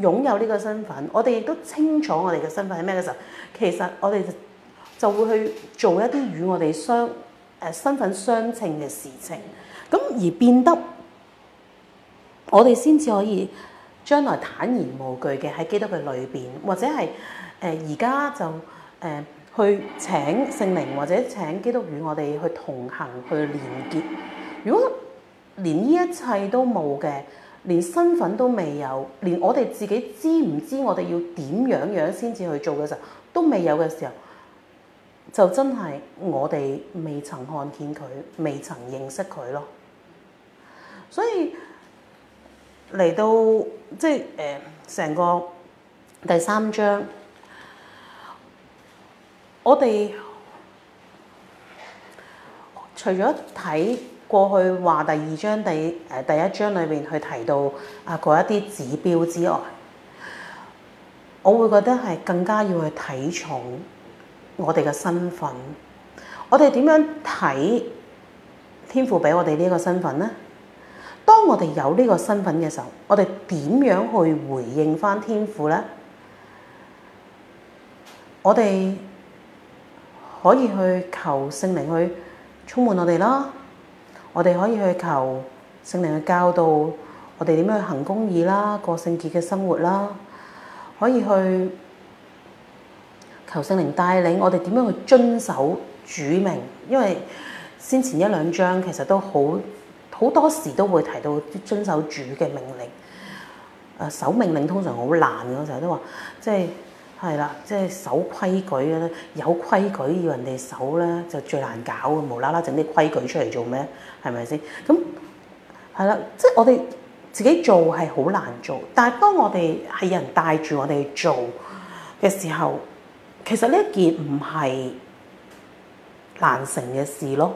擁有呢個身份，我哋亦都清楚我哋嘅身份係咩嘅時候，其實我哋就會去做一啲與我哋相誒身份相稱嘅事情，咁而變得我哋先至可以。將來坦然無懼嘅喺基督嘅裏邊，或者係誒而家就誒、呃、去請聖靈，或者請基督與我哋去同行去連結。如果連呢一切都冇嘅，連身份都未有，連我哋自己知唔知我哋要點樣樣先至去做嘅時候，都未有嘅時候，就真係我哋未曾看見佢，未曾認識佢咯。所以。嚟到即係誒成個第三章，我哋除咗睇過去話第二章第誒第一章裏邊去提到啊嗰一啲指標之外，我會覺得係更加要去睇重我哋嘅身份，我哋點樣睇天父俾我哋呢個身份呢？當我哋有呢個身份嘅時候，我哋點樣去回應返天父呢？我哋可以去求聖靈去充滿我哋啦，我哋可以去求聖靈去教導我哋點樣去行公義啦、過聖潔嘅生活啦，可以去求聖靈帶領我哋點樣去遵守主命，因為先前一兩章其實都好。好多時都會提到遵守主嘅命令，守命令通常好難嘅，成日都話即係係啦，即係守規矩咧，有規矩要人哋守咧就最難搞嘅，無啦啦整啲規矩出嚟做咩？係咪先？咁係啦，即係我哋自己做係好難做，但係當我哋係有人帶住我哋做嘅時候，其實呢一件唔係難成嘅事咯。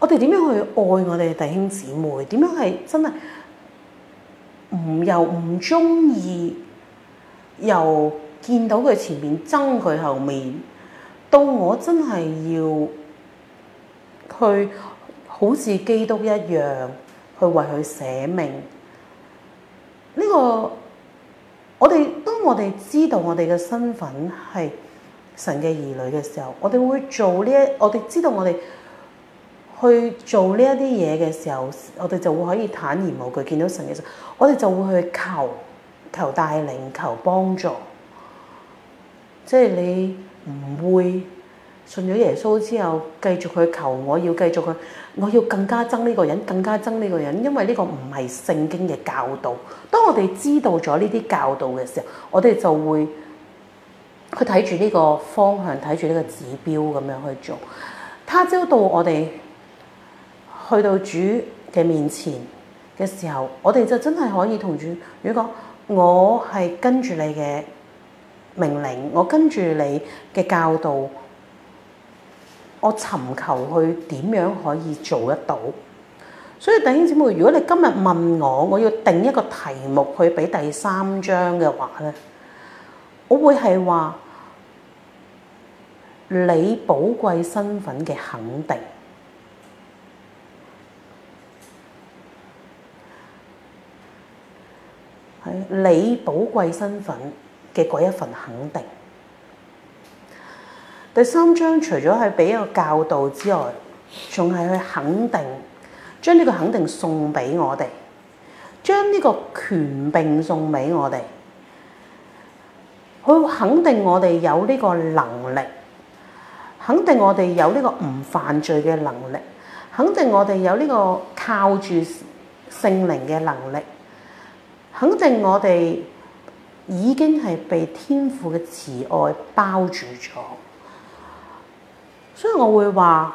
我哋點樣去愛我哋弟兄姊妹？點樣係真係唔又唔中意又見到佢前面憎佢後面，到我真係要去好似基督一樣去為佢捨命。呢個我哋當我哋知道我哋嘅身份係神嘅兒女嘅時候，我哋會做呢一我哋知道我哋。去做呢一啲嘢嘅時候，我哋就會可以坦然無懼，見到神嘅時候，我哋就會去求求帶領，求幫助。即係你唔會信咗耶穌之後繼續去求，我要繼續去，我要更加憎呢個人，更加憎呢個人，因為呢個唔係聖經嘅教導。當我哋知道咗呢啲教導嘅時候，我哋就會去睇住呢個方向，睇住呢個指標咁樣去做。他朝到我哋，去到主嘅面前嘅時候，我哋就真係可以同主講，如果我係跟住你嘅命令，我跟住你嘅教導，我尋求去點樣可以做得到？所以弟兄姊妹，如果你今日問我，我要定一個題目去俾第三章嘅話咧，我會係話你寶貴身份嘅肯定。你寶貴身份嘅嗰一份肯定。第三章除咗係俾一個教導之外，仲係去肯定，將呢個肯定送俾我哋，將呢個權柄送俾我哋，去肯定我哋有呢個能力，肯定我哋有呢個唔犯罪嘅能力，肯定我哋有呢個靠住聖靈嘅能力。肯定我哋已經係被天父嘅慈愛包住咗，所以我會話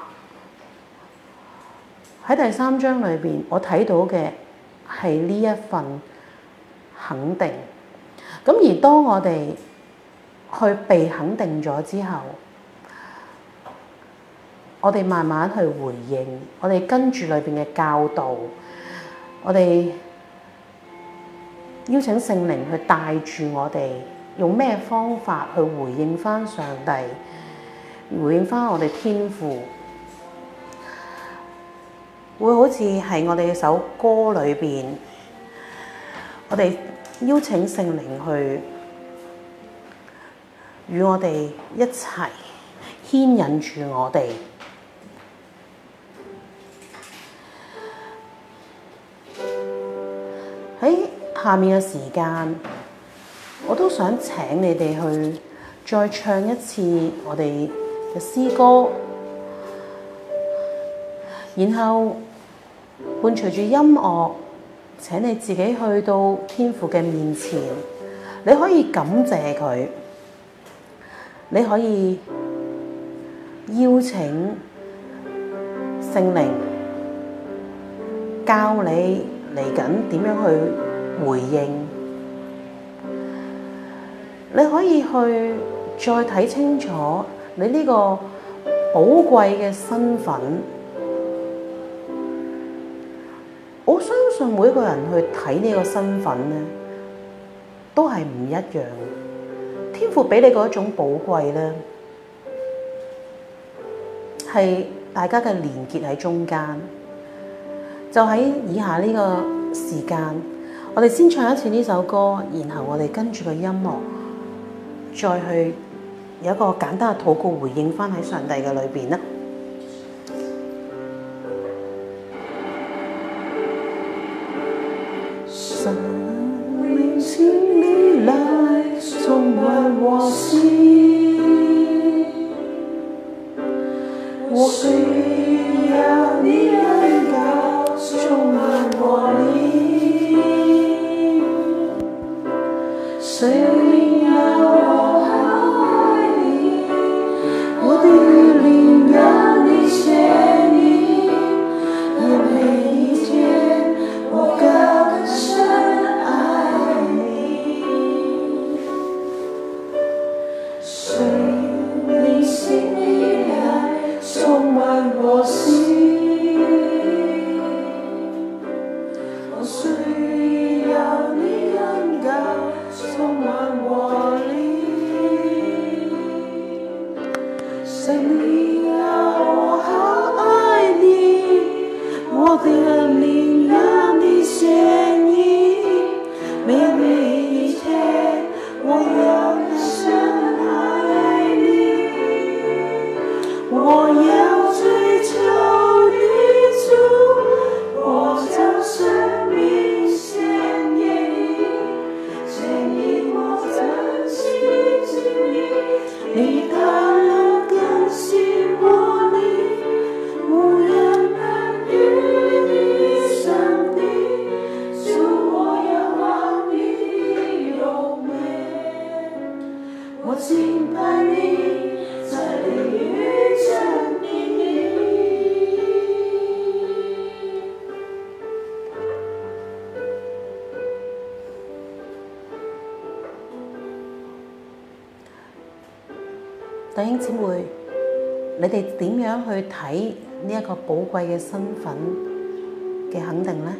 喺第三章裏邊，我睇到嘅係呢一份肯定。咁而當我哋去被肯定咗之後，我哋慢慢去回應，我哋跟住裏邊嘅教導，我哋。邀請聖靈去帶住我哋，用咩方法去回應返上帝？回應返我哋天父，會好似喺我哋嘅首歌裏面，我哋邀請聖靈去與我哋一齊牽引住我哋。下面嘅時間，我都想請你哋去再唱一次我哋嘅詩歌，然後伴隨住音樂，請你自己去到天父嘅面前，你可以感謝佢，你可以邀請聖靈教你嚟緊點樣去。回應，你可以去再睇清楚你呢個寶貴嘅身份。我相信每一個人去睇呢個身份咧，都係唔一樣。天父俾你嗰一種寶貴咧，係大家嘅連結喺中間。就喺以下呢個時間。我哋先唱一次呢首歌，然後我哋跟住個音樂再去有一個簡單嘅禱告回應返喺上帝嘅裏邊.去睇呢一個寶貴嘅身份嘅肯定咧？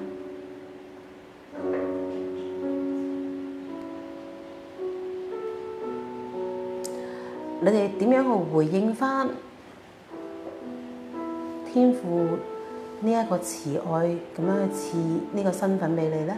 你哋點樣去回應翻天父呢一個慈愛，咁樣去賜呢個身份俾你咧？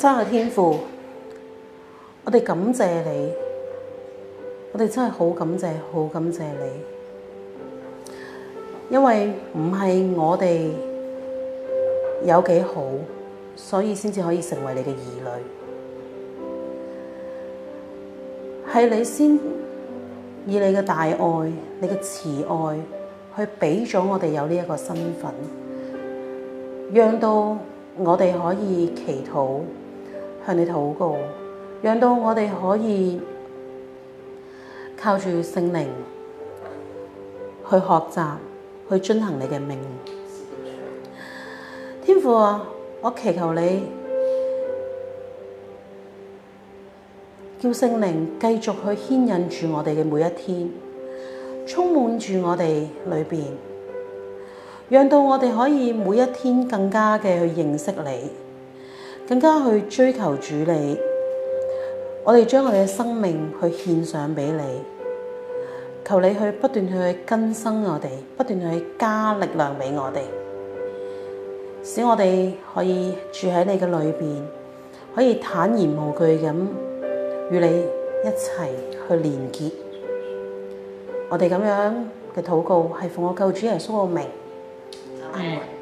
真係天父，我哋感謝你，我哋真係好感謝，好感謝你，因為唔係我哋有幾好，所以先至可以成為你嘅兒女，係你先以你嘅大愛、你嘅慈愛去俾咗我哋有呢一個身份，讓到我哋可以祈禱。向你禱告，讓到我哋可以靠住聖靈去學習，去遵行你嘅命。天父啊，我祈求你叫聖靈繼續去牽引住我哋嘅每一天，充滿住我哋裏邊，讓到我哋可以每一天更加嘅去認識你。更加去追求主你，我哋將我哋嘅生命去獻上俾你，求你去不斷去更新我哋，不斷去加力量俾我哋，使我哋可以住喺你嘅裏邊，可以坦然無懼咁與你一齊去連結。我哋咁樣嘅禱告係奉我救主耶穌嘅名，阿門。